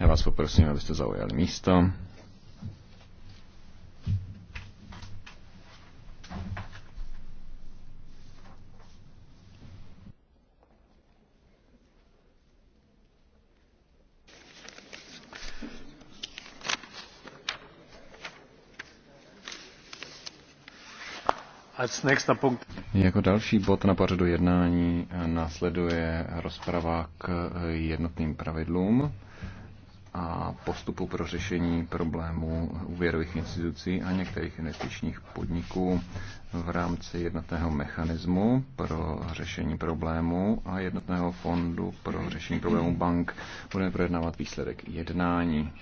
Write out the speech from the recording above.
Já vás poprosím, abyste zaujali místo. Jako další bod na pořadu jednání následuje rozprava k jednotným pravidlům a postupu pro řešení problémů úvěrových institucí a některých investičních podniků v rámci jednotného mechanismu pro řešení problémů a jednotného fondu pro řešení problémů bank. Budeme projednávat výsledek jednání.